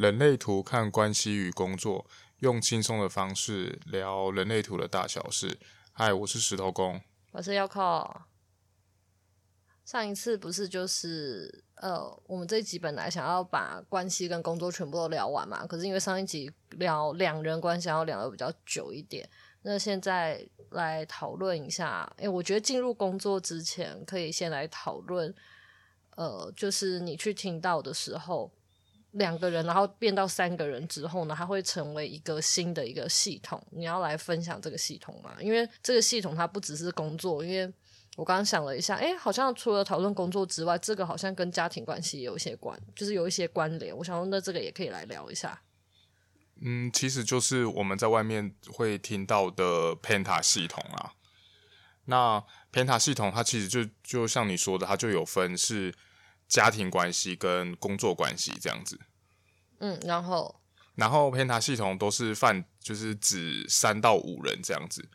人類圖看關係與工作，用輕鬆的方式聊人類圖的大小事。嗨，我是石頭公，我是要靠上一次不是就是呃，我們這一集本來想要把關係跟工作全部都聊完嘛，可是因為上一集聊兩人關係要聊得比較久一點，那現在來討論一下。哎、欸，我覺得進入工作之前，可以先來討論，呃，就是你去聽到的時候。兩個人，然後變到三個人之後呢，它會成為一個新的一個系統。你要來分享這個系統嘛？因為這個系統它不只是工作，因為我剛剛想了一下，哎、欸，好像除了討論工作之外，這個好像跟家庭關係也有一些關，就是有一些關聯。我想說，那這個也可以來聊一下。嗯，其實就是我們在外面會聽到的 Penta 系統啊。那 Penta 系統它其實就就像你說的，它就有分是。家庭關係跟工作關係這樣子，嗯，然後，然後 Penta 系統都是犯，就是指三到五人這樣子。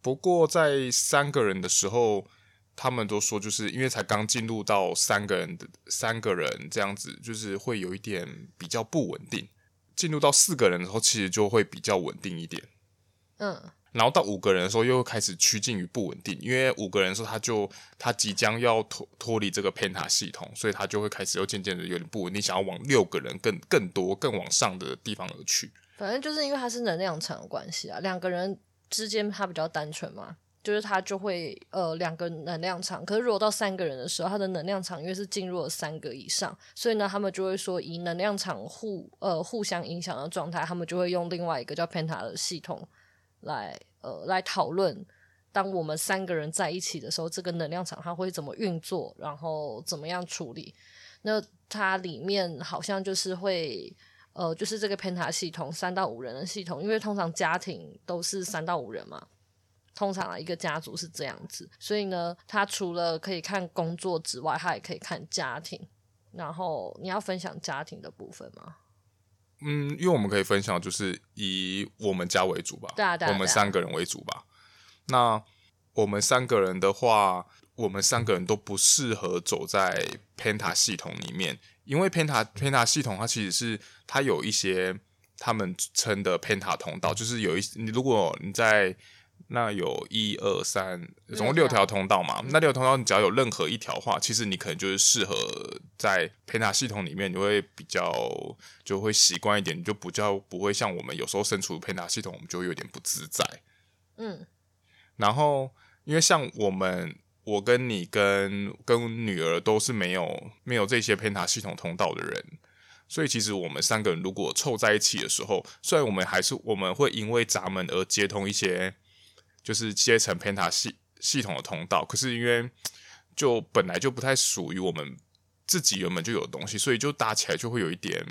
不過在三個人的時候，他們都說就是因為才剛進入到三個人，三個人這樣子，就是會有一點比較不穩定。進入到四個人的時候，其實就會比較穩定一點。嗯。然後到五個人的時候，又會開始趨近於不穩定，因為五個人的時候，他就他即將要脫脫離這個 Penta 系統，所以他就會開始又漸漸的有點不穩定，想要往六個人更更多更往上的地方而去。反正就是因為他是能量場的關係啊，兩個人之間他比較單純嘛，就是他就會呃兩個能量場。可是如果到三個人的時候，他的能量場因為是進入了三個以上，所以呢，他們就會說以能量場互呃互相影響的狀態，他們就會用另外一個叫 Penta 的系統。來，呃，來討論，當我們三個人在一起的時候，這個能量場它會怎麼運作，然後怎麼樣處理？那它裡面好像就是會，呃，就是這個 penta 系統，三到五人的系統，因為通常家庭都是三到五人嘛，通常一個家族是這樣子，所以呢，它除了可以看工作之外，它也可以看家庭。然後你要分享家庭的部分嗎？嗯，因為我們可以分享，就是以我們家為主吧，對啊、對啊、我們三個人為主吧。對啊、對啊、那我們三個人的話，我們三個人都不適合走在 Penta 系統裡面，因為 Penta Penta 系統它其實是它有一些他們稱的 Penta 通道，就是有一你如果你在。那有一二三，總共六條通道嘛？嗯啊、那六條通道，你只要有任何一條話，其實你可能就是適合在 Penta 系統裡面，你會比較就會習慣一點，你就比較不會像我們有時候身處 Penta 系統，我們就會有點不自在。嗯，然後因為像我們，我跟你跟跟女兒都是沒有沒有這些 Penta 系統通道的人，所以其實我們三個人如果湊在一起的時候，雖然我們還是我們會因為閘門而接通一些。就是接成 Penta 系系統的通道，可是因為就本來就不太屬於我們自己原本就有的東西，所以就搭起來就會有一點，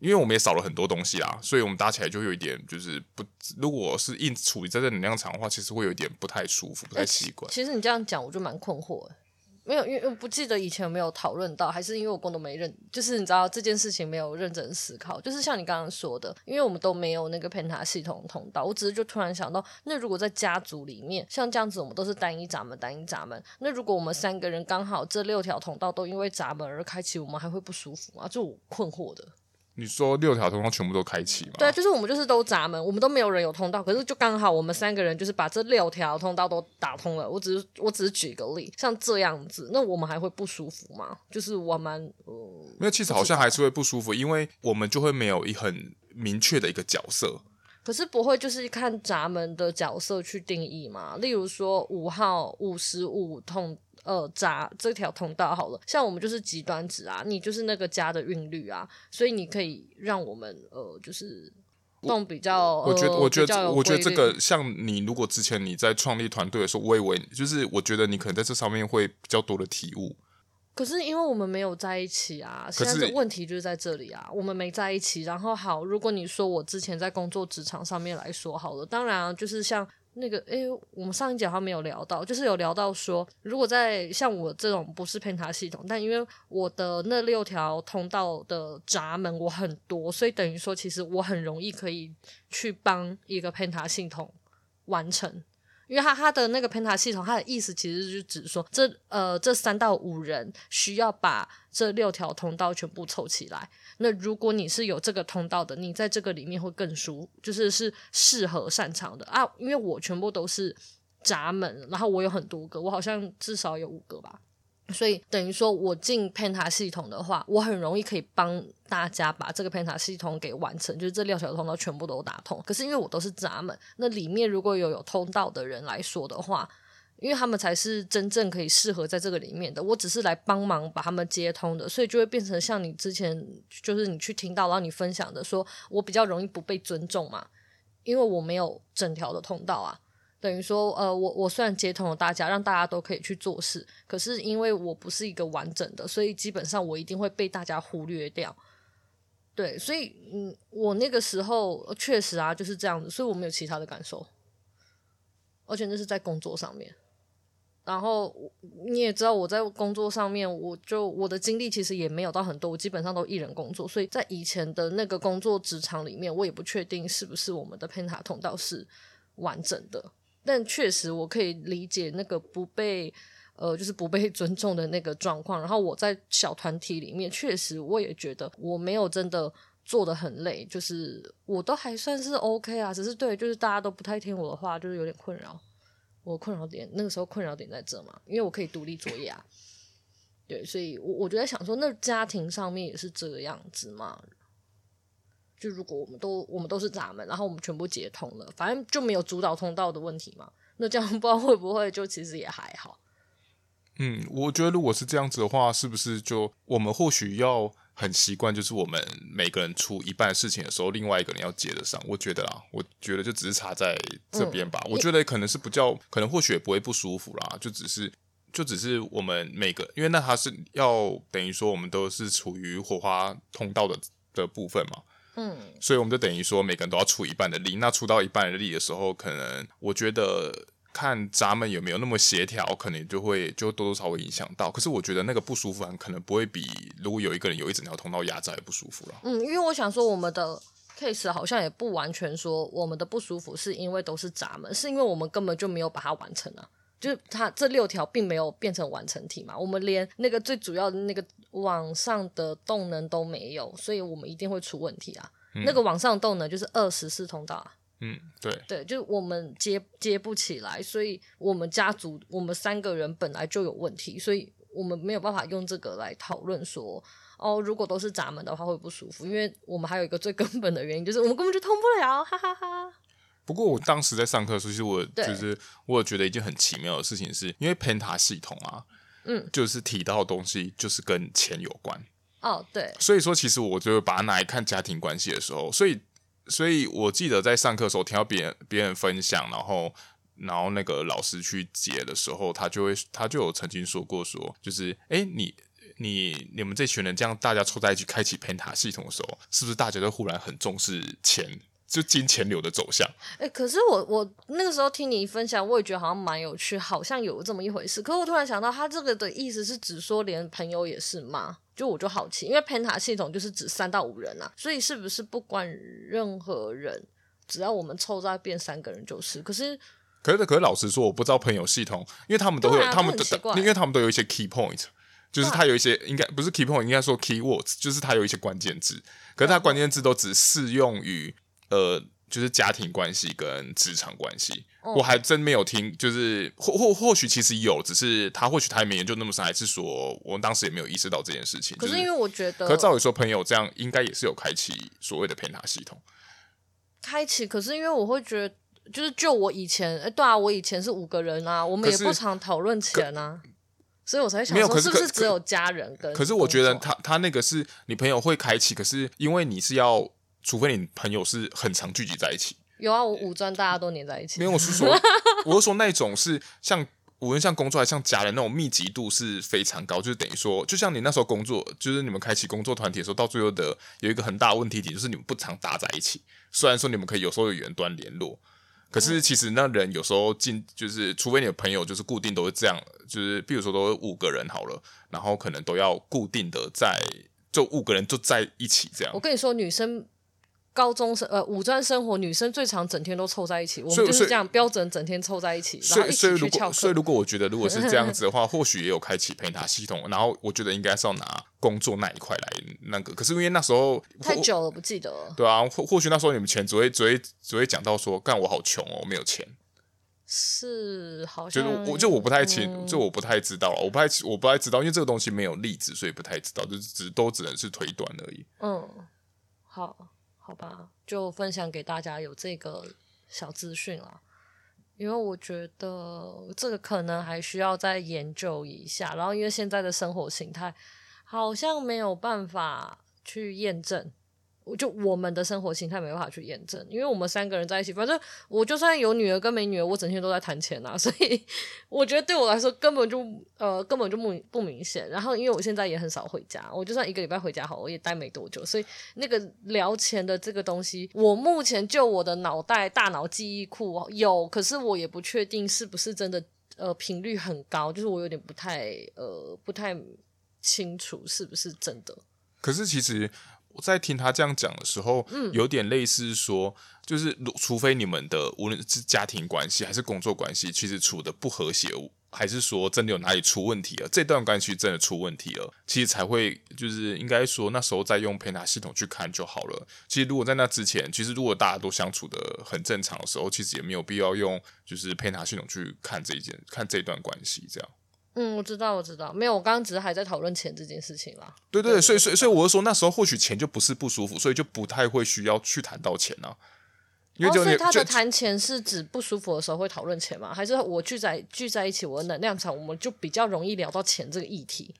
因為我們也少了很多東西啦，所以我們搭起來就有一點就是不，如果是硬處理在這能量場的話，其實會有一點不太舒服，不太習慣、欸。其實你這樣講，我就蠻困惑的。沒有，因為我不記得以前有沒有討論到，還是因為我工作沒認，就是你知道這件事情沒有認真思考，就是像你剛剛說的，因為我們都沒有那個 penta 系統通道，我只是就突然想到，那如果在家族裡面像這樣子，我們都是單一閘門、單一閘門，那如果我們三個人剛好這六條通道都因為閘門而開啟，我們還會不舒服嗎？就我困惑的。你說六條通道全部都開啟嗎？對，就是我們就是都閘門，我們都沒有人有通道，可是就剛好我們三個人就是把這六條通道都打通了。我只是我只是舉個例，像這樣子，那我們還會不舒服嗎？就是我們嗯，呃、沒有，其實好像還是會不舒服，舒服因為我們就會沒有一很明確的一個角色。可是不會，就是看閘門的角色去定義嘛。例如說五號五十五通。呃，加這條通道好了，像我們就是極端值啊，你就是那個家的韻律啊，所以你可以讓我們呃，就是弄比較我。我覺得，呃、我覺得，我覺得這個像你，如果之前你在創立團隊的時候，我以為就是我覺得你可能在這上面會比較多的體悟。可是因為我們沒有在一起啊，現在的問題就是在這裡啊，是我們沒在一起。然後好，如果你說我之前在工作職場上面來說好了，當然、啊、就是像那個哎、欸，我們上一集好像沒有聊到，就是有聊到說，如果在像我這種不是 penta 系統，但因為我的那六條通道的閘門我很多，所以等於說其實我很容易可以去幫一個 penta 系統完成，因為他他的那個 penta 系統，他的意思其實就是指說這呃這三到五人需要把這六條通道全部湊起來。那如果你是有這個通道的，你在這個裡面會更舒，就是是適合擅長的啊。因為我全部都是閘門，然後我有很多個，我好像至少有五個吧。所以等於說我進 penta 系統的話，我很容易可以幫大家把這個 penta 系統給完成，就是這六條通道全部都打通。可是因為我都是閘門，那裡面如果有有通道的人來說的話。因為他們才是真正可以適合在這個裡面的，我只是來幫忙把他們接通的，所以就會變成像你之前就是你去聽到，然後你分享的，說我比較容易不被尊重嘛，因為我沒有整條的通道啊，等於說呃我我雖然接通了大家，讓大家都可以去做事，可是因為我不是一個完整的，所以基本上我一定會被大家忽略掉，對，所以嗯，我那個時候確實啊就是這樣子，所以我沒有其他的感受，而且那是在工作上面，然後你也知道我在工作上面，我就我的精力其實也沒有到很多，我基本上都一人工作。所以在以前的那個工作職場裡面，我也不確定是不是我們的 Penta 通道是完整的，但確實我可以理解那個不被呃就是不被尊重的那個狀況。然後我在小團體裡面，確實我也覺得我沒有真的做的很累，就是我都還算是 OK 啊，只是對就是大家都不太聽我的話，就是有點困擾。我困擾點那個時候困擾點在這嘛，因為我可以獨立作業啊，對，所以我，我我就在想說，那家庭上面也是這個樣子嘛，就如果我們都我們都是閘門，然後我們全部接通了，反正就沒有主導通道的問題嘛，那這樣不知道會不會就其實也還好。嗯，我覺得如果是這樣子的話，是不是就我們或許要。很習慣，就是我們每個人出一半的事情的時候，另外一個人要接得上。我覺得啊，我覺得就只是插在這邊吧。嗯，我覺得可能是不叫，可能或許也不會不舒服啦。就只是，就只是我們每個人，因為那他是要等於說我們都是處於火花通道的的部分嘛。嗯，所以我們就等於說每個人都要出一半的力。那出到一半的力的時候，可能我覺得。看閘門有沒有那麼協調，可能就會就多多少少會影響到。可是我覺得那個不舒服可能不會比如果有一個人有一整條通道壓着也不舒服了，啊。嗯，因為我想說我們的 case 好像也不完全說我們的不舒服是因為都是閘門，是因為我們根本就沒有把它完成啊，就是它這六條並沒有變成完成體嘛，我們連那個最主要的那個往上的動能都沒有，所以我們一定會出問題啊。嗯、那個往上動能就是二十四通道啊。嗯，對對，就是我們接接不起來，所以我們家族我們三個人本來就有問題，所以我們沒有辦法用這個來討論說，哦，如果都是閘門的話會不舒服，因為我們還有一個最根本的原因就是我們根本就通不了，哈哈哈，哈。不過我當時在上課的時候，所以其實我就是對我覺得一件很奇妙的事情是，是因為 Penta 系統啊，嗯，就是提到的東西就是跟錢有關，哦，對，所以說其實我就會把它拿來看家庭關係的時候，所以。所以我記得在上課的時候聽到別人別人分享，然後然後那個老師去解的時候，他就會他就有曾經說過說，就是哎，你你你們這群人這樣大家湊在一起開啟 penta 系統的時候，是不是大家都忽然很重視錢？就金錢流的走向，哎、欸，可是我我那個時候聽你分享，我也覺得好像蠻有趣，好像有這麼一回事。可我突然想到，他這個的意思是指說，連朋友也是嗎？就我就好奇，因為 Penta 系統就是指三到五人啊，所以是不是不管任何人，只要我們湊在變三個人就是？可是，可是，可是老實說，我不知道朋友系統，因為他們都有，啊、他們，他們因為他們都有一些 key point，就是他有一些、啊、應該不是 key point，應該說 keywords，就是他有一些關鍵字。可是他關鍵字都只適用於。呃，就是家庭關係跟職場關係，嗯、我還真沒有聽，就是或或或許其實有，只是他或許他也沒研究那麼深，還是說我們當時也沒有意識到這件事情。可是因為我覺得，就是、可是照理說朋友這樣應該也是有開啟所謂的 penta 系統，開啟。可是因為我會覺得，就是就我以前，哎、欸，對啊，我以前是五個人啊，我們也不常討論錢啊，所以我才想說是，是不是只有家人跟可可。可是我覺得他他那個是你朋友會開啟，可是因為你是要。除非你朋友是很常聚集在一起，有啊，我五專大家都黏在一起。嗯、沒有，我是說， 我是說那種是像，無論像工作還是像家人那種密集度是非常高，就是等於說，就像你那時候工作，就是你們開啟工作團體的時候，到最後的有一個很大的問題點就是你們不常搭在一起。雖然說你們可以有時候有遠端聯絡，可是其實那人有時候進，就是除非你的朋友就是固定都是這樣，就是比如說都五個人好了，然後可能都要固定的在就五個人就在一起這樣。我跟你說，女生。高中生呃，五專生活女生最常整天都湊在一起，我們就是這樣標準，整天湊在一起，所以，所以，如果，所以如果我覺得如果是這樣子的話，或許也有開啟 penta 系統。然後我覺得應該是要拿工作那一塊來那個。可是因為那時候太久了，不記得了。對啊，或或許那時候你們前只會只會只會講到說，幹我好窮哦，我沒有錢。是好像我，就我不太清，就我不太知道，我不太我不太知道，因為這個東西沒有例子，所以不太知道，就只都只能是推斷而已。嗯，好。好吧，就分享給大家有這個小資訊了，因為我覺得這個可能還需要再研究一下，然後因為現在的生活形態好像沒有辦法去驗證。我就我們的生活形態沒辦法去驗證，因為我們三個人在一起，反正我就算有女兒跟沒女兒，我整天都在談錢啊，所以我覺得對我來說根本就呃根本就不不明顯。然後因為我現在也很少回家，我就算一個禮拜回家好，我也待沒多久，所以那個聊錢的這個東西，我目前就我的腦袋大腦記憶庫有，可是我也不確定是不是真的呃頻率很高，就是我有點不太呃不太清楚是不是真的。可是其實。我在聽他這樣講的時候，有點類似說，就是除非你們的無論是家庭關係還是工作關係，其實處的不和諧，還是說真的有哪裡出問題了，這段關係真的出問題了，其實才會就是應該說那時候再用 penta 系統去看就好了。其實如果在那之前，其實如果大家都相處的很正常的時候，其實也沒有必要用就是 penta 系統去看這一件，看這段關係這樣。嗯，我知道，我知道，沒有，我剛剛只是還在討論錢這件事情啦。對，對對，對，所以所以所以我是說，那時候或許錢就不是不舒服，所以就不太會需要去談到錢啊。因為就哦，所以他的談錢是指不舒服的時候會討論錢嗎？還是我聚在聚在一起，我的能量場，我們就比較容易聊到錢這個議題？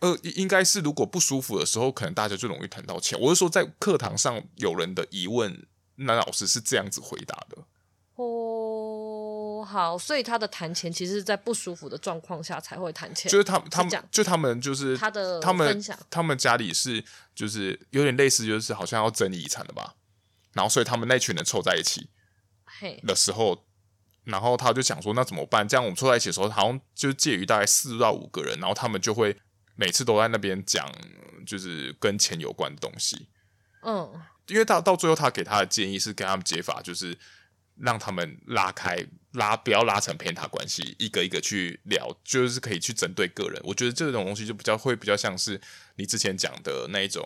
呃，應該是如果不舒服的時候，可能大家就容易談到錢。我是說，在課堂上有人的疑問，男老師是這樣子回答的。哦。好，所以他的談錢其實是在不舒服的狀況下才會談錢。就是他他們就他們就是他的他們他們家裡是就是有點類似，就是好像要爭遺產的吧？然後所以他們那群人湊在一起的時候，Hey. 然後他就想說那怎麼辦？這樣我們湊在一起的時候，好像就介於大概四到五個人，然後他們就會每次都在那邊講，就是跟錢有關的東西。嗯，因為他到最後，他給他的建議是跟他們解法，就是。讓他們拉開拉，不要拉成偏袒關係，一個一個去聊，就是可以去針對個人。我覺得這種東西就比較會比較像是你之前講的那一種，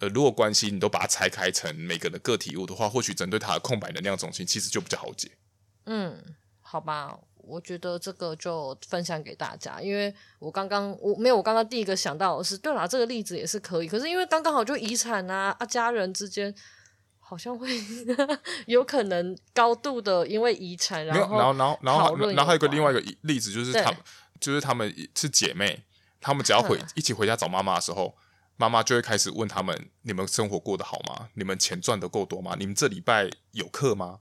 呃，如果關係你都把它拆開成每個人的個體物的話，或許針對他的空白能量中心，其實就比較好解。嗯，好吧，我覺得這個就分享給大家，因為我剛剛我沒有我剛剛第一個想到的是，對了，啊，這個例子也是可以，可是因為剛剛好就遺產啊啊，家人之間。好像會 有可能高度的因為遺產，然後然後然後然後然後還有個另外一個例子，就是他對就是他們是姐妹，他們只要回、啊、一起回家找媽媽的時候，媽媽就會開始問他們：你們生活過得好嗎？你們錢賺得夠多嗎？你們這禮拜有課嗎？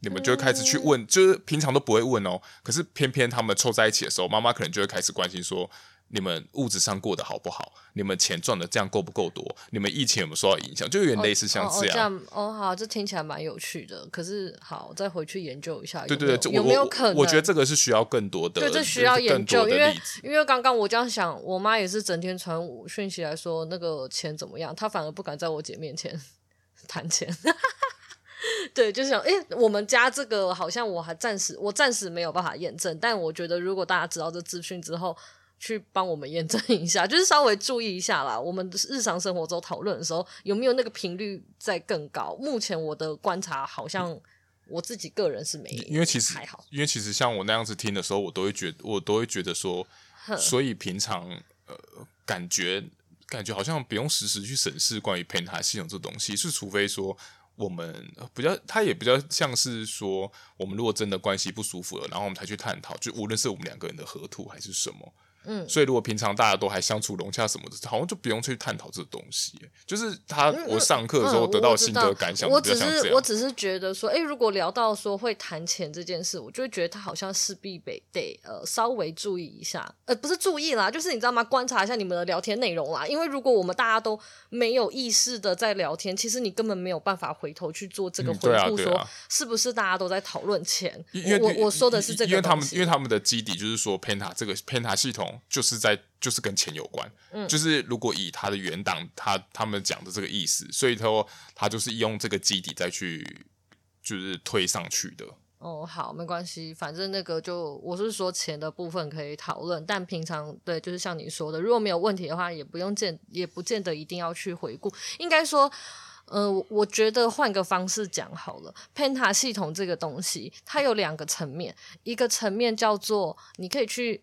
你們就會開始去問，嗯、就是平常都不會問哦，可是偏偏他們湊在一起的時候，媽媽可能就會開始關心說。你們物質上過得好不好？你們錢賺的這樣夠不夠多？你們疫情有沒有受到影響？就有點類似像、啊 oh, oh, oh, 這樣。哦、oh，好，這聽起來蠻有趣的。可是，好，再回去研究一下。有有對對對，有沒有可能？我我，我覺得這個是需要更多的。對，這需要研究，因為因為剛剛我這樣想，我媽也是整天傳訊息來說那個錢怎麼樣，她反而不敢在我姐面前談錢。 對，就是想，哎，我們家這個好像我還暫時，我暫時沒有辦法驗證。但我覺得，如果大家知道這資訊之後，去幫我們驗證一下，就是稍微注意一下啦。我們日常生活中討論的時候，有沒有那個頻率在更高？目前我的觀察好像我自己個人是沒有，因為其實還好，因為其實像我那樣子聽的時候，我都會覺，我都會覺得說，所以平常呃，感覺感覺好像不用時時去審視關於 penta 系統這東西，是除非說我們比較，它也比較像是說，我們如果真的關係不舒服了，然後我們才去探討，就無論是我們兩個人的合圖還是什麼。嗯，所以如果平常大家都還相處融洽什麼的，好像就不用去探討這個東西。就是他，我上課的時候得到心得感想比較、嗯嗯我，我只是我只是覺得說，哎、欸，如果聊到說會談錢這件事，我就會覺得他好像勢必得，得呃稍微注意一下，呃，不是注意啦，就是你知道嗎？觀察一下你們的聊天內容啦，因為如果我們大家都沒有意識的在聊天，其實你根本沒有辦法回頭去做這個回顧，說是不是大家都在討論錢？因為、嗯啊啊、我，我說的是這個東西因，因為他們因為他們的基底就是說 Penta，這個 Penta 系統。就是在就是跟錢有關，嗯，就是如果以他的原檔他他們講的這個意思，所以他說他就是用這個基底再去就是推上去的。哦，好，沒關係，反正那個就我是說錢的部分可以討論，但平常對，就是像你說的，如果沒有問題的話，也不用見，也不見得一定要去回顧。應該說，嗯、呃，我覺得換個方式講好了，Penta 系統這個東西，它有兩個層面，一個層面叫做你可以去。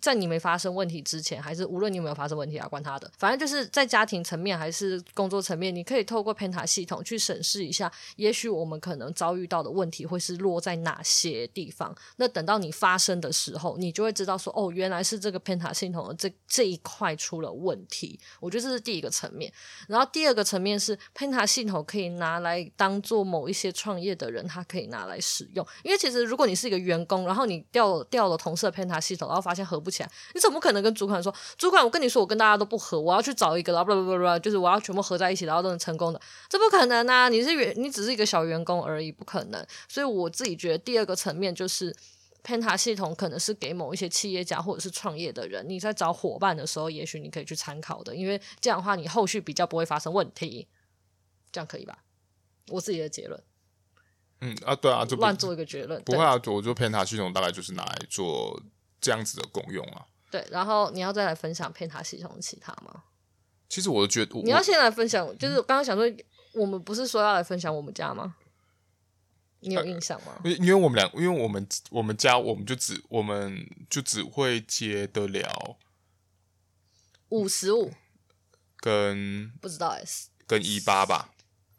在你沒發生問題之前，還是無論你有沒有發生問題啊，關他的，反正就是在家庭層面還是工作層面，你可以透過 penta 系統去審視一下，也許我們可能遭遇到的問題會是落在哪些地方。那等到你發生的時候，你就會知道說，哦，原來是這個 penta 系統的這這一塊出了問題。我覺得這是第一個層面。然後第二個層面是 penta 系統可以拿來當做某一些創業的人，他可以拿來使用，因為其實如果你是一個員工，然後你調調了，了同事的 penta 系統，然後發現很。不起來，你怎麼可能跟主管說？主管，我跟你說，我跟大家都不合，我要去找一個啦，blah blah blah, 就是我要全部合在一起，然後都能成，成功的，這不可能啊！你是員，你只是一個小員工而已，不可能。所以我自己覺得第二個層面就是，Penta 系統可能是給某一些企業家或者是創業的人，你在找夥伴的時候，也許你可以去參考的，因為這樣的話你後續比較不會發生問題。這樣可以吧？我自己的結論。嗯啊，對啊，就不亂做一個結論，不，對不會啊，我覺得 Penta 系統大概就是拿來做。這樣子的功用啊，對，然後你要再來分享 penta 系統的其他嗎？其實我覺得我你要先來分享，我就是剛剛想說，嗯、我們不是說要來分享我們家嗎？你有印象嗎？因為因為我們兩，因為我們我們家，我們就只我們就只會接得了五十五跟不知道、欸、s 跟一八吧。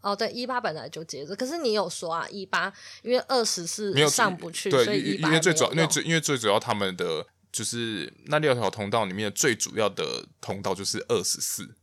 哦，對，一八本來就接着，可是你有說啊，一八因為二十四，沒有上不去，對所以一八因，因為最主要，因為最因為最主要他們的就是那六條通道裡面的最主要的通道就是二十四，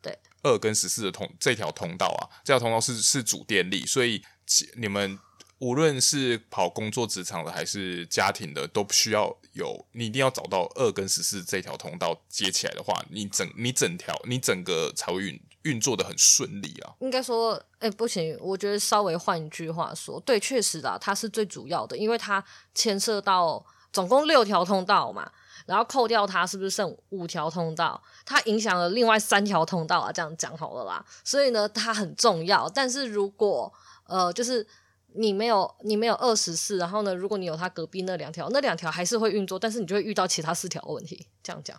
對，二跟十四的通這條通道啊，這條通道是是主電力，所以其你們無論是跑工作職場的還是家庭的，都不需要有，你一定要找到二跟十四這條通道接起來的話，你整你整條你整個財運。運作的很順利啊，應該說，哎、欸，不行，我覺得稍微換一句話說，對，確實啦、啊，它是最主要的，因為它牽涉到總共六條通道嘛，然後扣掉它，是不是剩五條通道？它影響了另外三條通道啊，這樣講好了啦。所以呢，它很重要。但是如果，呃，就是你沒有，你沒有二十四，然後呢，如果你有它隔壁那兩條，那兩條還是會運作，但是你就會遇到其他四條問題。這樣講。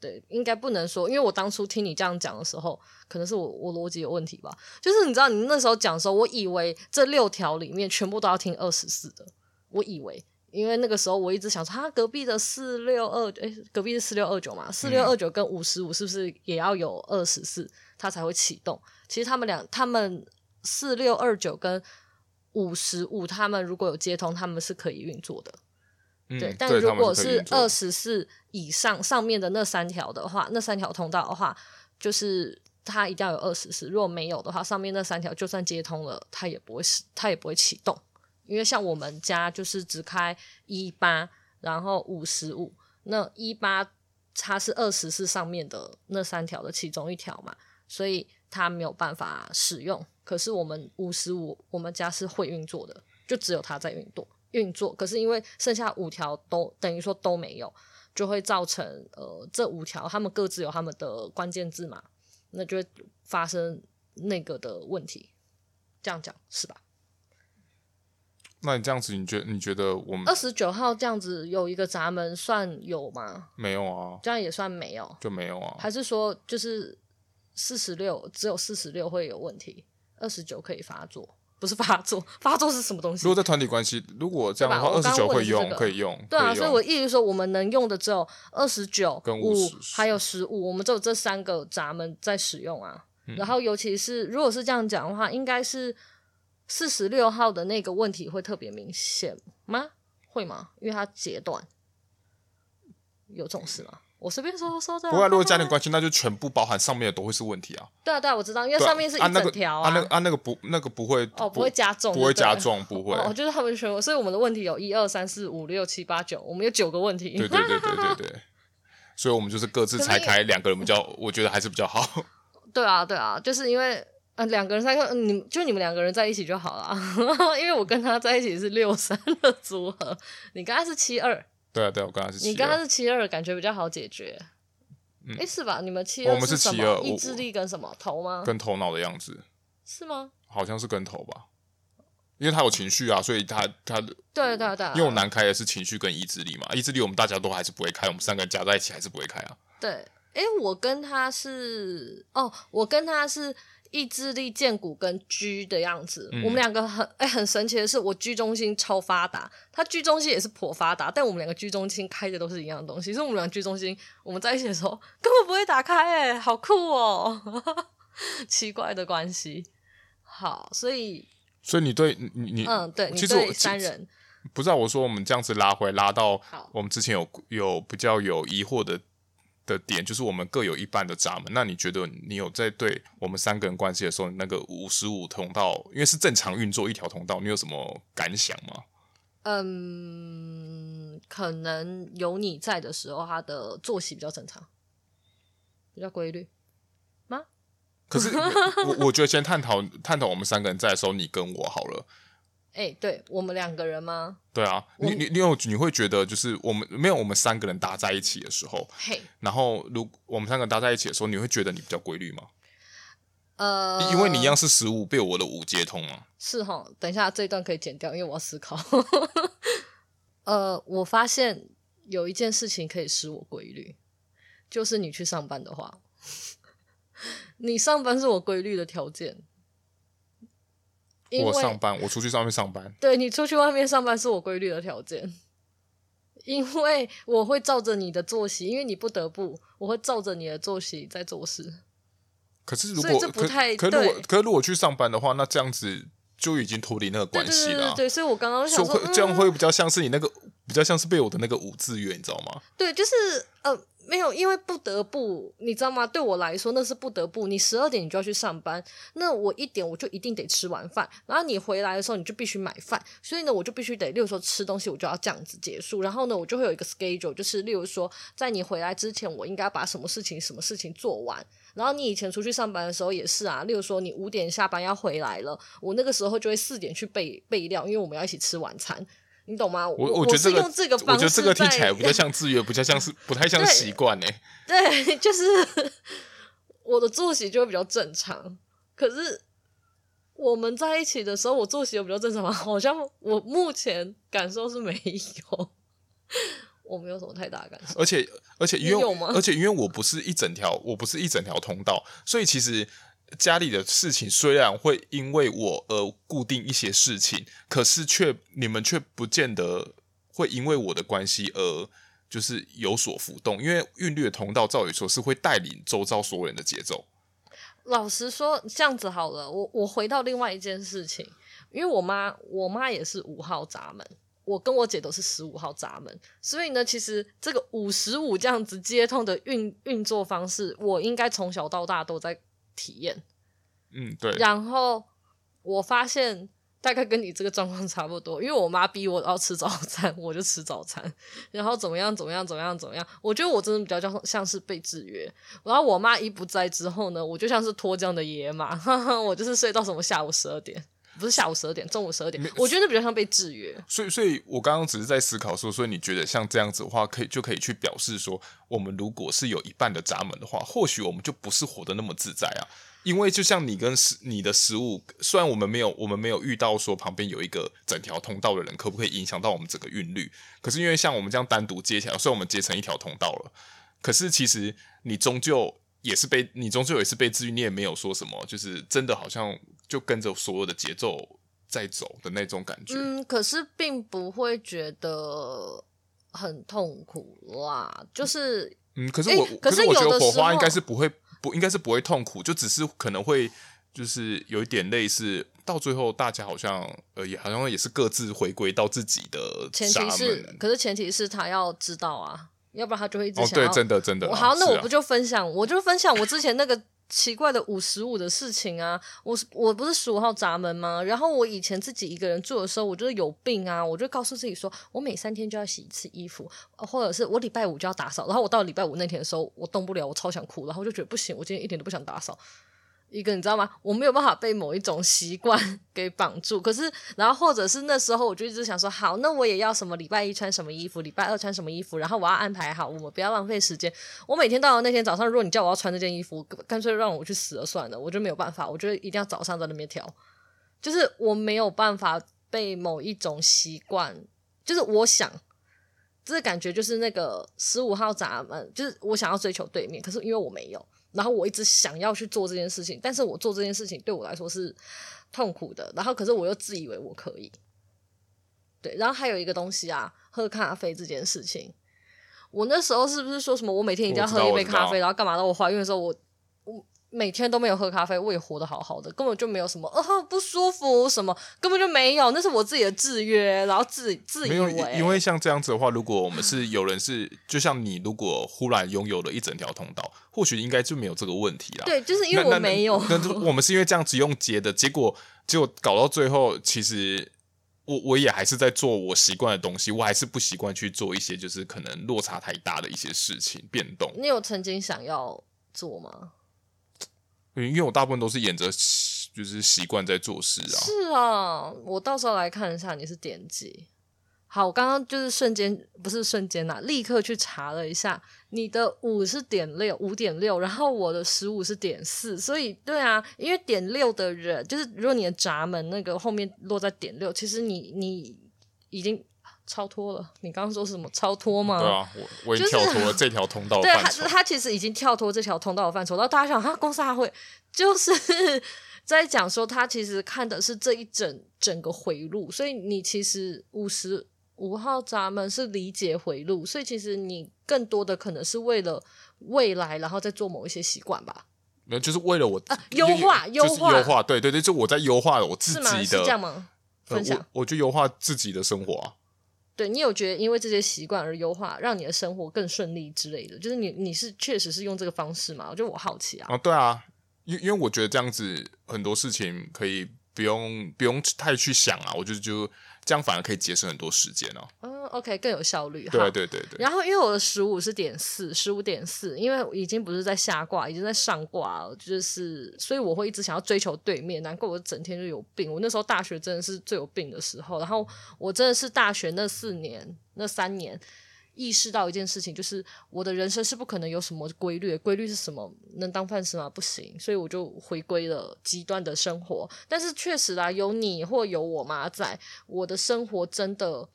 對，應該不能說，因為我當初聽你這樣講的時候，可能是我我邏輯有問題吧。就是你知道，你那時候講的時候，我以為這六條裡面全部都要聽二十四的，我以為，因為那個時候我一直想說，他隔壁的四六二，哎，隔壁是四六二九嘛，四六二九跟五十五是不是也要有二十四，它才會啟動？其實他們兩，他們四六二九跟五十五，他們如果有接通，他們是可以運作的。對，嗯、但如果是二十四以上對上面的那三條的話，對那三條通道的話，就是它一定要有二十四，如果沒有的話，上面那三條就算接通了，它也不會，它也不會啟動。因為像我們家就是只開一八，然後五十五，那一八它是二十四上面的那三條的其中一條嘛，所以它沒有辦法使用。可是我們五十五，我們家是會運作的，就只有它在運作。運作，可是因為剩下五條都等於說都沒有，就會造成呃這五條他們各自有他們的關鍵字嘛，那就會發生那個的問題。這樣講是吧？那你這樣子，你覺你覺得我們二十九號這樣子有一個閘門算有嗎？沒有啊，這樣也算沒有就沒有啊？還是說就是四十六只有四十六會有問題，二十九可以發作？不是發作，發作是什麼東西？如果在團體關係，如果這樣的話，二十九會用，可以用。對啊，所以我意思是說，我們能用的只有二十九、五還有十五，我們只有這三個閘門在使用啊。嗯，然後，尤其是如果是這樣講的話，應該是四十六號的那個問題會特別明顯嗎？會嗎？因為它截斷，有這種事嗎？我隨便說說的。不過、啊、如果家庭關係，那就全部包含上面的都會是問題啊。對啊對啊，我知道，因為上面是一整條、啊啊，啊、那個。啊那個、啊那個不那個不會哦不會加重不會加重不會。哦，oh, oh, 就是他們全部，所以我們的問題有一二三四五六七八九，我們有九個問題。對對對對對對。 所以我們就是各自拆開，兩你個人比較，我覺得還是比較好。對啊對啊，就是因為呃兩、嗯、個人在，你就你們兩個人在一起就好了， 因為我跟他在一起是六三的組合，你剛才是七二。對啊，對啊，我跟他是七二。你跟他是七二，感覺比較好解決。嗯，誒，是吧？你們七二，我們是七二，什麼我意志力跟什麼頭嗎？跟頭腦的樣子是嗎？好像是跟頭吧，因為他有情緒啊，所以他他。對對對。對對，因為我難開的是情緒跟意志力嘛，意志力我們大家都還是不會開，我們三個人加在一起還是不會開啊。對，哎，我跟他是哦，我跟他是，意志力薦骨跟 G 的樣子，嗯、我們兩個很哎、欸、很神奇的是，我 G 中心超發達，他 G 中心也是頗發達，但我們兩個 G 中心開的都是一樣的東西。所以我們兩個 G 中心，我們在一起的時候根本不會打開、欸，哎，好酷哦、喔， 奇怪的關係。好，所以所以你對你你嗯對，住你對，三人不知道我說我們這樣子拉回拉到，我們之前有好有,有比較有疑惑的。的點就是我們各有一半的閘門，那你覺得你有在對我們三個人關係的時候，那個五十五通道，因為是正常運作一條通道，你有什麼感想嗎？嗯，可能有你在的時候，他的作息比較正常，比較規律嗎？可是 我我覺得先探討探討我們三個人在的時候，你跟我好了。哎、欸，對，我們兩個人嗎？對啊，我你你你有你會覺得就是我們沒有我們三個人搭在一起的時候，嘿，然後如我們三個搭在一起的時候，你會覺得你比較規律嗎？呃，因為你一樣是十五被我的五接通嘛、啊。是齁，等一下這一段可以剪掉，因為我要思考。 呃，我發現有一件事情可以使我規律，就是你去上班的話， 你上班是我規律的條件。因為我上班，我出去上面上班。對，你出去外面上班是我規律的條件，因為我會照着你的作息，因為你不得不，我會照着你的作息在做事。可是如果這不太可，可如果對，可是如果去上班的話，那這樣子就已經脫離那個關係了啊。對，對，對，對，對，所以我剛剛想說，嗯，這樣會比較像是你那個。比較像是被我的那個五志願，你知道嗎？對，就是呃，沒有，因為不得不，你知道嗎？對我來說，那是不得不。你十二點你就要去上班，那我一點我就一定得吃完飯，然後你回來的時候你就必須買飯，所以呢，我就必須得，例如說吃東西，我就要這樣子結束。然後呢，我就會有一個 schedule，就是例如說，在你回來之前，我應該把什麼事情、什麼事情做完。然後你以前出去上班的時候也是啊，例如說你五點下班要回來了，我那個時候就會四點去備備料，因為我們要一起吃晚餐。你懂嗎？我我覺得這個，我是用這個方式，我覺得這個聽起來比較像自由， 對比較像是不太像習慣誒、欸。對，就是我的作息就會比較正常。可是我們在一起的時候，我作息有比較正常嗎？好像我目前感受是沒有，我沒有什麼太大感受。而且而且因為而且因為我不是一整條，我不是一整條通道，所以其實。家裡的事情雖然會因為我而固定一些事情，可是卻你們卻不見得會因為我的關係而就是有所浮動。因為韻律的通道照理說，是會帶領周遭所有人的節奏。老實說，這樣子好了，我我回到另外一件事情，因為我媽我媽也是五號閘門，我跟我姐都是十五號閘門，所以呢，其實這個五十五這樣子接通的運運作方式，我應該從小到大都在。體驗，嗯對，然後我發現大概跟你這個狀況差不多，因為我媽逼我要吃早餐，我就吃早餐，然後怎麼樣怎麼樣怎麼樣怎麼樣，我覺得我真的比較像像是被制約。然後我媽一不在之後呢，我就像是脫韁的野馬，哈哈，我就是睡到什麼下午十二點。不是下午十二點，中午十二點，你我覺得那比較像被制約。所以，所以，我剛剛只是在思考說，所以你覺得像這樣子的話，可以就可以去表示說，我們如果是有一半的閘門的話，或許我們就不是活得那麼自在啊。因為就像你跟你的食物，雖然我們沒有，我們沒有遇到說旁邊有一個整條通道的人，可不可以影響到我們整個韻律？可是因為像我們這樣單獨接起來，所以我們接成一條通道了。可是其實你終究。也是被，你終究也是被治癒，你也沒有說什麼，就是真的好像就跟着所有的節奏在走的那種感覺。嗯，可是並不會覺得很痛苦啦、啊，就是嗯，可是我，欸、可是可是我覺得火花應該是不會，不應該是不會痛苦，就只是可能會就是有一點類似，到最後大家好像呃也好像也是各自回歸到自己的。前提是，可是前提是他要知道啊。要不然他就會一直想。哦，對，真的真的。好後，啊、那我不就分享，是啊、我就分享我之前那個奇怪的五十五的事情啊。我我不是十五號閘門嗎？然後我以前自己一個人住的時候，我就是有病啊，我就告訴自己說，我每三天就要洗一次衣服，或者是我禮拜五就要打掃。然後我到了禮拜五那天的時候，我動不了，我超想哭，然後我就覺得不行，我今天一點都不想打掃。一個你知道嗎？我沒有辦法被某一種習慣給綁住。可是，然後或者是那時候，我就一直想說，好，那我也要什麼禮拜一穿什麼衣服，禮拜二穿什麼衣服，然後我要安排好，我們不要浪費時間。我每天到那天早上，如果你叫我要穿這件衣服，乾脆讓我去死了算了。我就沒有辦法，我就一定要早上在那邊挑，就是我沒有辦法被某一種習慣，就是我想，這感覺就是那個十五號閘門，就是我想要追求對面，可是因為我沒有。然後我一直想要去做這件事情，但是我做這件事情對我來說是痛苦的。然後，可是我又自以為我可以。對，然後還有一個東西啊，喝咖啡這件事情，我那時候是不是說什麼？我每天一定要喝一杯咖啡，然後幹嘛呢？我懷孕的時候我。每天都沒有喝咖啡，我也活得好好的，根本就沒有什麼呃、哦、不舒服，什麼根本就沒有，那是我自己的制約，然後自自以為，因為像這樣子的話，如果我們是有人是 就像你，如果忽然擁有了一整條通道，或許應該就沒有這個問題了。對，就是因為我沒有，是 我們是因為這樣子用接的結果，結果搞到最後，其實我我也還是在做我習慣的東西，我還是不習慣去做一些就是可能落差太大的一些事情變動。你有曾經想要做嗎？因為我大部分都是演着就是習慣在做事啊。是啊，我到時候來看一下你是點幾？好，我剛剛就是瞬間不是瞬間啦，立刻去查了一下，你的五是點六，五點六，然後我的十五是點四，所以對啊，因為點六的人就是如果你的閘門那個後面落在點六，其實你你已經。超脫了，你剛剛說什麼超脫嗎？嗯？對啊，我我也跳脫了這條通道。對，他他其實已經跳脫這條通道的範疇。然後、就是、大家想，他公司還會就是呵呵在講說，他其實看的是這一整整個迴路。所以你其實五十五號閘門是理解迴路，所以其實你更多的可能是為了未來，然後再做某一些習慣吧。沒有，就是為了我啊，為優化、就是、優化優化對，對對對，就我在優化我自己的是是這樣嗎？分享、呃我，我就優化自己的生活啊。對，你有覺得因為這些習慣而優化，讓你的生活更順利之類的，就是你你是確實是用這個方式嗎？我覺得我好奇啊。啊，對啊，因因為我覺得這樣子很多事情可以不用不用太去想啊，我就就。這樣反而可以節省很多時間哦。嗯，OK，更有效率。對對對對。然後因為我的十五是點四，十五點四，因為我已經不是在下卦，已經在上卦了，就是所以我會一直想要追求對面。難怪我整天就有病。我那時候大學真的是最有病的時候，然後我真的是大學那四年那三年。意識到一件事情，就是我的人生是不可能有什麼規律。規律是什麼？能當飯吃嗎？不行，所以我就回歸了極端的生活。但是確實啦、啊，有你或有我媽，在我的生活真的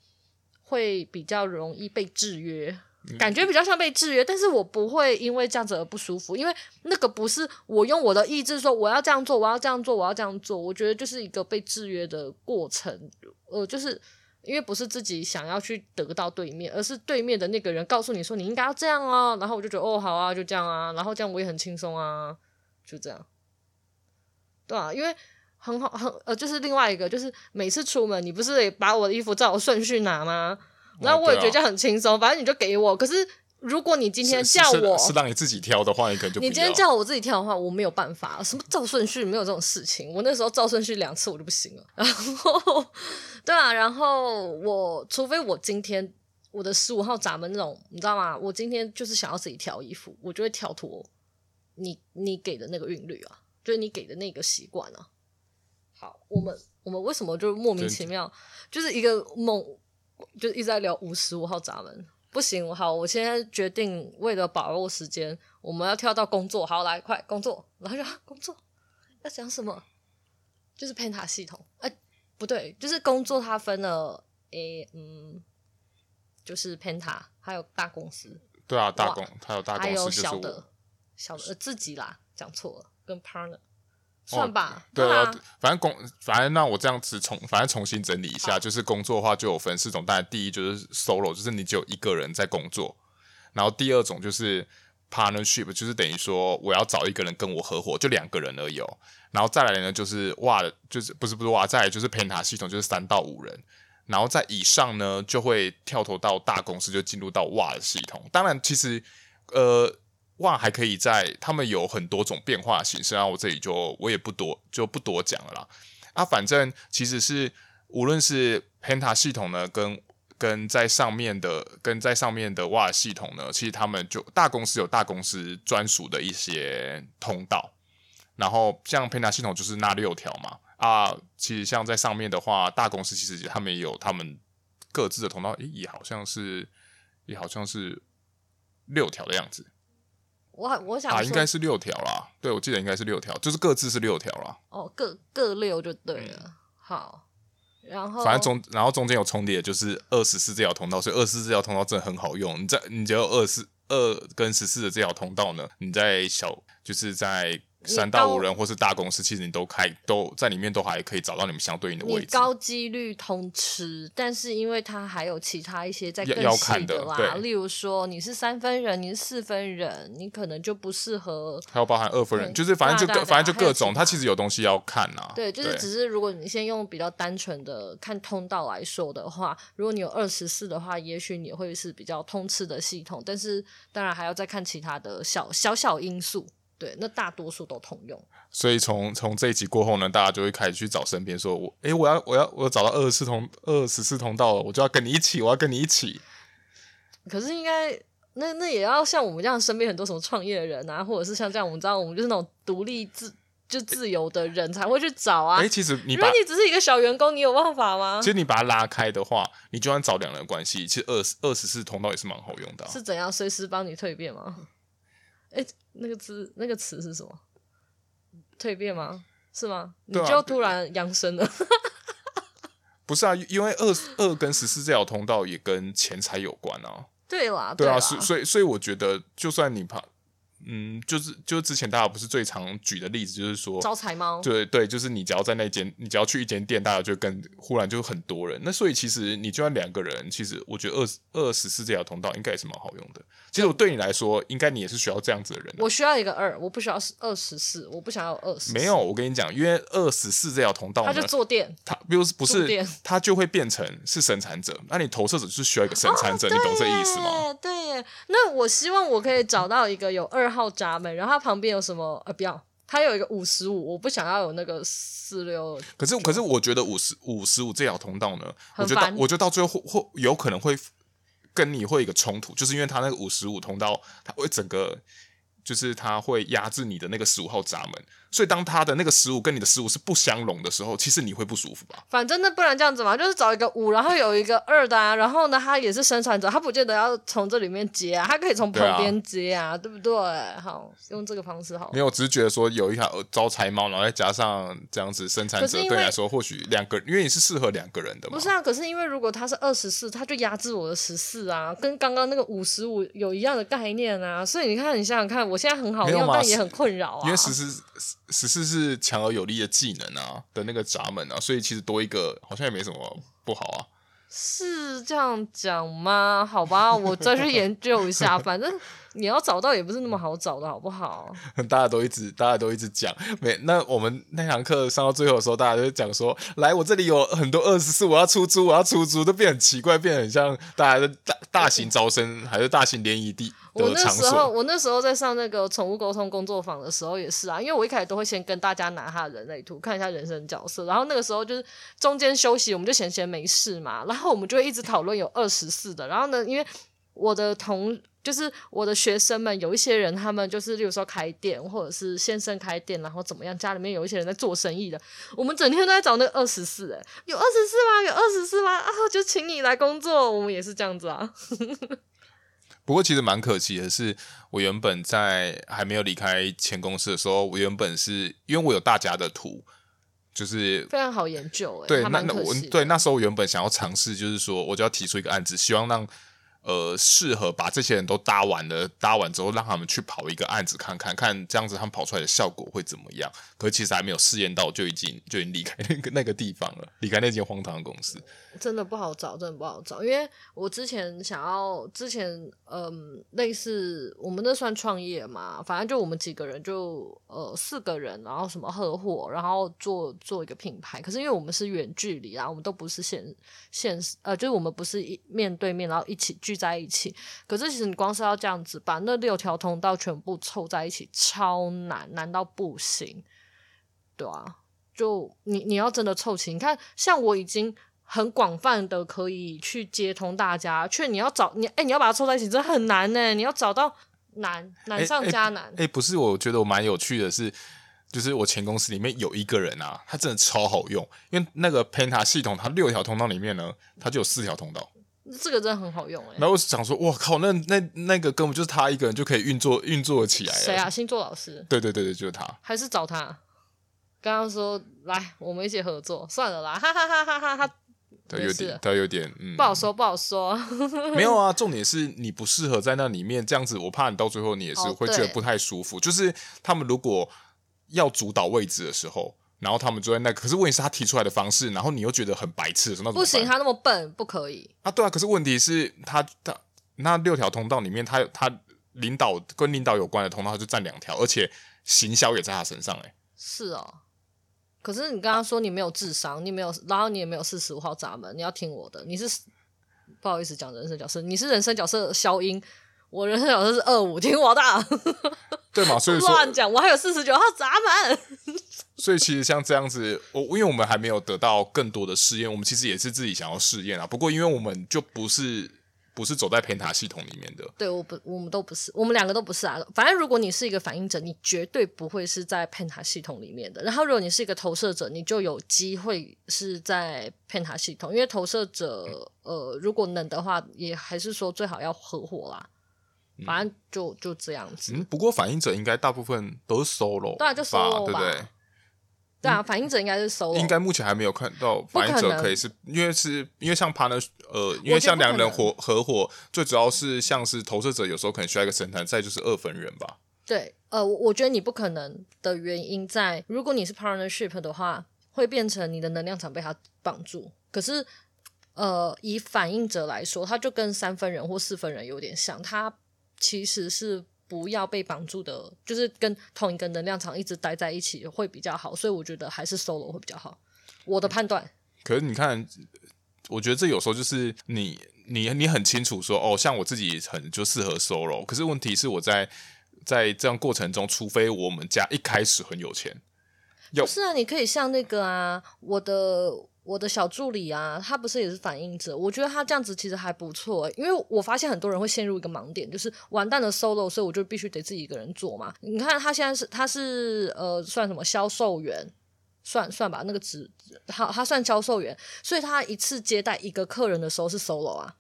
會比較容易被制約，嗯、感覺比較像被制約。但是我不會因為這樣子而不舒服，因為那個不是我用我的意志說我要這樣做，我要這樣做，我要這樣做。我要這樣做，我覺得就是一個被制約的過程，呃，就是。因為不是自己想要去得到對面，而是對面的那個人告訴你說，你應該要這樣哦、啊，然後我就覺得哦好啊，就這樣啊，然後這樣我也很輕鬆啊，就這樣，對啊，因為很好很，呃，就是另外一個就是每次出門，你不是得把我的衣服照順序拿嗎？然後我也覺得這樣很輕鬆，反正你就給我，可是。如果你今天叫我是是，是讓你自己挑的話，你可能就你今天叫我自己挑的話，我沒有辦法，什麼照順序沒有這種事情。我那時候照順序兩次我就不行了，然後對啊，然後我除非我今天我的十五號閘門那種，你知道嗎？我今天就是想要自己挑衣服，我就會挑脫你你給的那個韻律啊，就是你給的那個習慣啊。好，我們我們為什麼就莫名其妙對，就是一個夢，就一直在聊五十五號閘門。不行，好，我現在決定，為了把握時間，我們要跳到工作。好，來，快工作。然後就、啊、工作要講什麼？就是 Penta 系統。哎、欸，不對，就是工作它分了。哎、欸，嗯，就是 Penta，還有大公司。對啊，大公還哇有大公司是，還有小的，小的，小的、呃、自己啦，講錯了，跟 Partner。算吧，哦、對啊，反正工，反正那我這樣子重，反正重新整理一下，啊、就是工作的話就有分四種。當然，第一就是 solo，就是你只有一個人在工作；然後第二種就是 partnership，就是等於說我要找一個人跟我合夥，就兩個人而已哦。然後再來呢，就是哇，就是不是不是哇，再來就是 penta 系統，就是三到五人；然後在以上呢，就會跳投到大公司，就進入到哇的系統。當然，其實呃。哇，還可以在他們有很多種變化形式啊！那我這裡就我也不多就不多講了啦。啊。反正其實是無論是 Penta 系統呢，跟跟在上面的，跟在上面的哇系統呢，其實他們就大公司有大公司專屬的一些通道。然後像 Penta 系統就是那六條嘛，啊。其實像在上面的話，大公司其實他們也有他們各自的通道，咦、欸，也好像是，也好像是六條的樣子。我我想啊，應該是六條啦。對，我記得應該是六條，就是各自是六條啦。哦，各各六就對了。嗯、好，然後反正中然後中間有重疊就是二十四這條通道，所以二十四這條通道真的很好用。你在你只要二十四二跟十四的這條通道呢，你在小就是在，三到五人或是大公司，到其實你都開，都在裡面都還可以找到你們相對應的位置。你高幾率通吃，但是因為它還有其他一些在更細的啦，的例如說你是三分人，你是四分人，你可能就不適合。還有包含二分人，嗯、就是反正就各反正就各種，其他它其實有東西要看吶、啊。對，就是只是如果你先用比較單純的看通道來說的話，對如果你有二十四的話，也許你也會是比較通吃的系統，但是當然還要再看其他的小小小因素。對，那大多數都通用。所以從從這一集過後呢，大家就會開始去找身邊說，說我，哎，我要我要我找到二十四通二十四通道了，我就要跟你一起，我要跟你一起。可是應該那那也要像我們這樣身邊很多什麼創業的人啊，或者是像這樣，我們知道我們就是那種獨立自就自由的人才會去找啊。哎，其實你把因為你只是一個小員工，你有辦法嗎？其實你把它拉開的話，你就算找兩人的關係，其實二十二十四通道也是蠻好用的啊。是怎樣隨時幫你蛻變嗎？哎，那個字，那個詞是什麼？蛻變嗎？是嗎？啊、你就突然揚升了，啊？啊、 不是啊，因為二二跟十四這條通道也跟錢財有關啊。對啦，啊，對啊，所以所以我覺得，就算你怕。嗯，就是就之前大家不是最常舉的例子，就是說招財貓，對對，就是你只要在那間，你只要去一間店，大家就跟，忽然就很多人。那所以其實你就要兩個人，其實我覺得二十二十四這條通道應該也是蠻好用的。其實我對你來說，對應該你也是需要這樣子的人、啊。我需要一個二，我不需要二十四，我不想要二十。沒有，我跟你講，因為二十四這條通道，他就做電，他比如不是店，他電就會變成是生產者。那你投射者是需要一個生產者，哦、你懂這意思嗎？對。那我希望我可以找到一個有二號閘門，然後它旁邊有什麼？呃、啊，不要，它有一個五十五，我不想要有那個四六。可是，可是我覺得五十五十五這條通道呢，煩我覺得，我覺得到最後會，會有可能會跟你會一個衝突，就是因為他那個五十五通道，他會整個就是他會壓制你的那個十五號閘門。所以當他的那個十五跟你的十五是不相容的時候，其實你會不舒服吧？反正那不然這樣子嘛，就是找一個五，然後有一個二的，啊。然後呢，他也是生產者，他不見得要從這裡面接啊，他可以從旁、啊、邊接啊，對不對？好，用這個方式好。沒有，直只是覺得說有一條招財貓，然後再加上這樣子生產者，對你來說或許兩個，因為你是適合兩個人的嘛。不是啊，可是因為如果他是二十四，他就壓制我的十四啊，跟剛剛那個五十五有一樣的概念啊。所以你看，你想想看，我現在很好用，但也很困擾啊。因為十四。十四是強而有力的技能啊，的那個閘門啊，所以其實多一個好像也沒什麼不好啊。是這樣講嗎？好吧，我再去研究一下， 反正。你要找到也不是那麼好找的，好不好？大家都一直，大家都一直講。沒，那我們那堂課上到最後的時候，大家就講說：“來，我這裡有很多二十四，我要出租，我要出租。”都變很奇怪，變得很像大家的大大型招生還是大型聯誼地的場所。我那時候，我那時候在上那個寵物溝通工作坊的時候也是啊，因為我一開始都會先跟大家拿他的人類圖看一下人生角色，然後那個時候就是中間休息，我們就閒閒沒事嘛，然後我們就會一直討論有二十四的，然後呢，因為我的同。就是我的學生們，有一些人，他們就是，例如說開店，或者是先生開店，然後怎麼樣？家裡面有一些人在做生意的，我們整天都在找那二十四，誒，有二十四嗎？有二十四嗎？啊，就請你來工作，我們也是這樣子啊。 不過其實蠻可惜的是，我原本在還沒有離開前公司的時候，我原本是因為我有大家的圖，就是非常好研究，欸，誒對，對，那我對那時候我原本想要嘗試，就是說，我就要提出一個案子，希望讓。呃，適合把這些人都搭完了，搭完之後讓他們去跑一個案子，看看看這樣子他們跑出來的效果會怎麼樣。可是其實還沒有試驗到就，就已經就已經離開那個那個地方了，離開那間荒唐的公司。真的不好找，真的不好找。因為我之前想要之前，嗯、呃，類似我們那算創業嘛，反正就我們幾個人就，就呃四個人，然後什麼合夥，然後做做一個品牌。可是因為我們是遠距離啊，我們都不是現現實，呃，就是我們不是一面對面，然後一起聚。在一起，可是其實你光是要這樣子把那六條通道全部湊在一起，超難，難到不行，對啊，就你你要真的湊齊，你看像我已經很廣泛的可以去接通大家，卻你要找你哎、欸，你要把它湊在一起，真的很難呢。你要找到難，難上加難。哎、欸欸，不是，我覺得我蠻有趣的是，是就是我前公司裡面有一個人啊，他真的超好用，因為那個 Penta 系統，它六條通道裡面呢，它就有四條通道。這個真的很好用哎、欸，然後我想說，哇靠，那那那個根本就是他一個人就可以運作運作起來了。誰啊？星座老師。對對對對，就是他。還是找他？剛剛說來，我們一起合作算了啦，哈哈哈哈哈哈。他有點，他有點，嗯，不好說，不好說。 沒有啊，重點是你不適合在那裡面這樣子，我怕你到最後你也是會覺得不太舒服。哦、就是他們如果要主導位置的時候。然後他們坐在那，可是問題是他提出來的方式，然後你又覺得很白痴，那種不行，他那麼笨，不可以啊！對啊，可是問題是，他他那六條通道裡面，他他領導跟領導有關的通道就佔兩條，而且行銷也在他身上誒，哎，是哦。可是你剛剛說你沒有智商，你沒有，然後你也沒有四十五號閘門，你要聽我的，你是不好意思講人生角色，你是人生角色消音，我人生角色是二五，聽我的。 對嘛，所以說亂講，我還有四十九號閘門， 所以其實像這樣子，我因為我們還沒有得到更多的試驗，我們其實也是自己想要試驗啊。不過因為我們就不是不是走在偏塔系統裡面的，對我不，我們都不是，我們兩個都不是啊。反正如果你是一個反應者，你絕對不會是在偏塔系統裡面的。然後如果你是一個投射者，你就有機會是在偏塔系統，因為投射者呃，如果能的話，也還是說最好要合夥啦。反正就就這樣子。嗯，不過反應者應該大部分都是 solo。對啊，就 solo 對不對？對啊，反應者應該是 solo，嗯。應該目前還沒有看到反應者可以是可因為是因為像 partner 呃，因為像兩人合合夥，最主要是像是投射者有時候可能需要一個神壇，再就是二分人吧。對，呃，我覺得你不可能的原因在，如果你是 partnership 的話，會變成你的能量場被他綁住。可是，呃，以反應者來說，他就跟三分人或四分人有點像，他。其實是不要被綁住的，就是跟同一個能量場一直待在一起會比較好，所以我覺得還是 solo 會比較好。我的判斷。可是你看，我覺得這有時候就是你你你很清楚說，哦，像我自己很就適合 solo，可是問題是我在在這樣過程中，除非我們家一開始很有錢，不、哦、是啊？你可以像那個啊，我的。我的小助理啊，他不是也是反映者？我覺得他這樣子其實還不錯，因為我發現很多人會陷入一個盲點，就是完蛋的 solo，所以我就必須得自己一個人做嘛。你看他現在是，他是呃算什麼銷售員，算算吧，那個職他他算銷售員，所以他一次接待一個客人的時候是 solo 啊。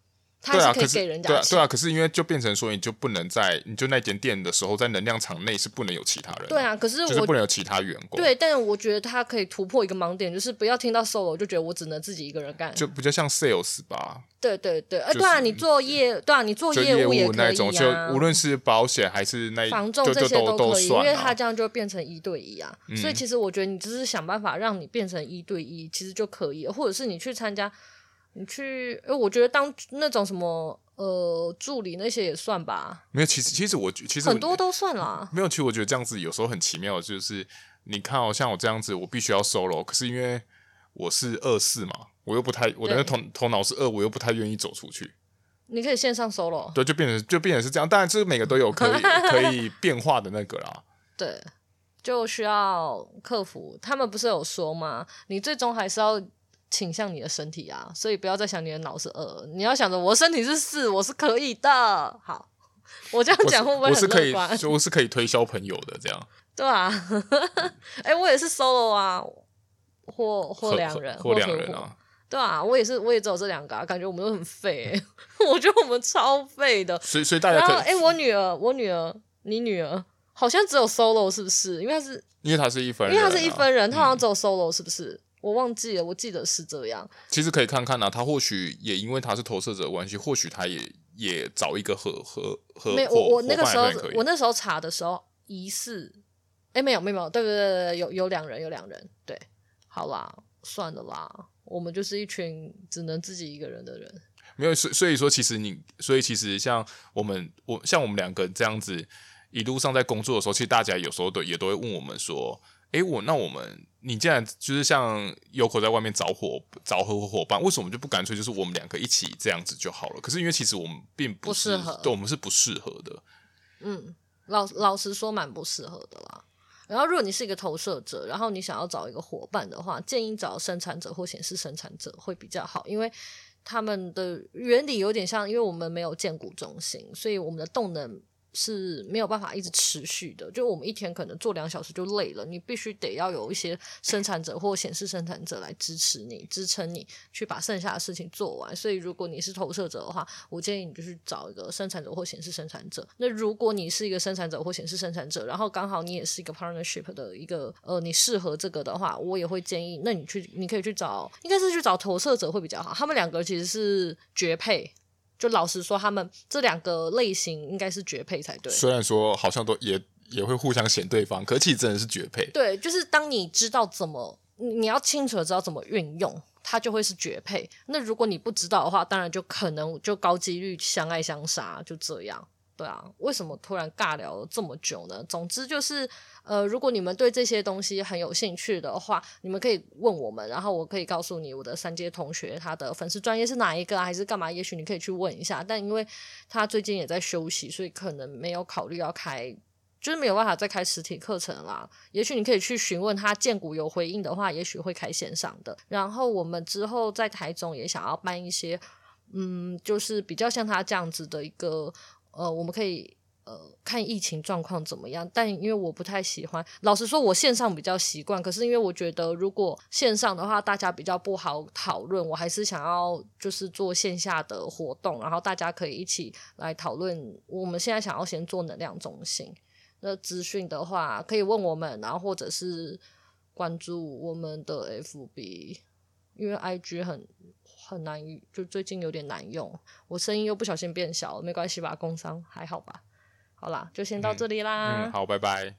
他也是可以給人家對啊，可是對啊，對啊，可是因為就變成說，你就不能在你就那間店的時候，在能量場內是不能有其他人。啊。對啊，可是我就是不能有其他員工。對，但是我覺得他可以突破一個盲點，就是不要聽到 solo 就覺得我只能自己一個人幹。就比較像 sales 吧。對對對，呃、就是啊，對啊，你做業，對，對啊，你做業務也可以，啊、就無論是保險還是那一房仲這些都可以，都啊、因為他這樣就變成一對一啊。嗯、所以其實我覺得你只是想辦法讓你變成一對一，其實就可以了，或者是你去參加。你去，哎、呃，我覺得當那種什麼呃助理那些也算吧。沒有，其實其實我其實我很多都算啦。沒有，其實我覺得這樣子有時候很奇妙，就是你看哦，像我這樣子，我必須要 solo，可是因為我是二四嘛，我又不太，對我的頭頭腦是二，我又不太願意走出去。你可以線上 solo。對，就變成就變成是這樣，當然就是每個都有可以 可以變化的那個啦。對，就需要克服。他們不是有說嗎？你最終還是要。傾向你的身體啊，所以不要再想你的腦是二，你要想着我身體是四，我是可以的。好，我這樣講會不會很樂觀？我是，我，是可以我是可以推銷朋友的，這樣對啊。哎、 欸，我也是 solo 啊，或或兩人，或兩人啊。對啊，我也是，我也只有這兩個啊。感覺我們都很廢、欸， 我覺得我們超廢的。所以所以大家哎、欸，我女兒，我女兒，你女兒好像只有 solo 是不是？因為是，因為她是一分人、啊，因為她是一分人，她好像只有 solo 是不是？嗯。我忘記了，我記得是這樣。其實可以看看吶、啊，他或許也因為他是投射者的關係，或許他也也找一個合合合。沒，我我那個時候我那時候查的時候疑似，哎、欸、沒有沒有，對不對,對？有有兩人有兩人，對，好啦，算了啦，我們就是一群只能自己一個人的人。沒有所所以說，其實你所以其實像我們我像我們兩個這樣子一路上在工作的時候，其實大家有時候都也都會問我們說。哎，我那我們，你既然就是像有口在外面找伙找合夥夥伴，為什麼我們就不乾脆就是我們兩個一起這樣子就好了？可是因為其實我們並不適合，對，我們是不適合的。嗯，老老實說，蠻不適合的啦。然後，如果你是一個投射者，然後你想要找一個夥伴的話，建議找生產者或顯示生產者會比較好，因為他們的原理有點像，因為我們沒有薦骨中心，所以我們的動能。是沒有辦法一直持續的，就我們一天可能做兩小時就累了，你必須得要有一些生產者或顯示生產者來支持你、支撐你去把剩下的事情做完。所以如果你是投射者的話，我建議你就去找一個生產者或顯示生產者。那如果你是一個生產者或顯示生產者，然後剛好你也是一個 partnership 的一個呃，你適合這個的話，我也會建議那你去，你可以去找，應該是去找投射者會比較好，他們兩個其實是絕配。就老實說，他們這兩個類型應該是絕配才對。雖然說好像都也也會互相嫌對方，可是其實真的是絕配。對，就是當你知道怎麼，你要清楚的知道怎麼運用，它就會是絕配。那如果你不知道的話，當然就可能就高幾率相愛相殺，就這樣。對啊，為什麼突然尬聊了這麼久呢？總之就是，呃，如果你們對這些東西很有興趣的話，你們可以問我們，然後我可以告訴你我的三階同學他的粉絲專業是哪一個啊，還是幹嘛？也許你可以去問一下。但因為他最近也在休息，所以可能沒有考慮要開，就是沒有辦法再開實體課程啦。也許你可以去詢問他，見古有回應的話，也許會開線上的。然後我們之後在台中也想要辦一些，嗯，就是比較像他這樣子的一個。呃，我們可以呃看疫情狀況怎麼樣，但因為我不太喜歡，老實說，我線上比較習慣。可是因為我覺得，如果線上的話，大家比較不好討論，我還是想要就是做線下的活動，然後大家可以一起來討論。我們現在想要先做能量中心，那資訊的話可以問我們，然後或者是關注我們的 FB，因為 IG 很。很難，就最近有點難用。我聲音又不小心變小了，沒關係吧？工傷還好吧？好啦，就先到這裡啦。嗯嗯，好，拜拜。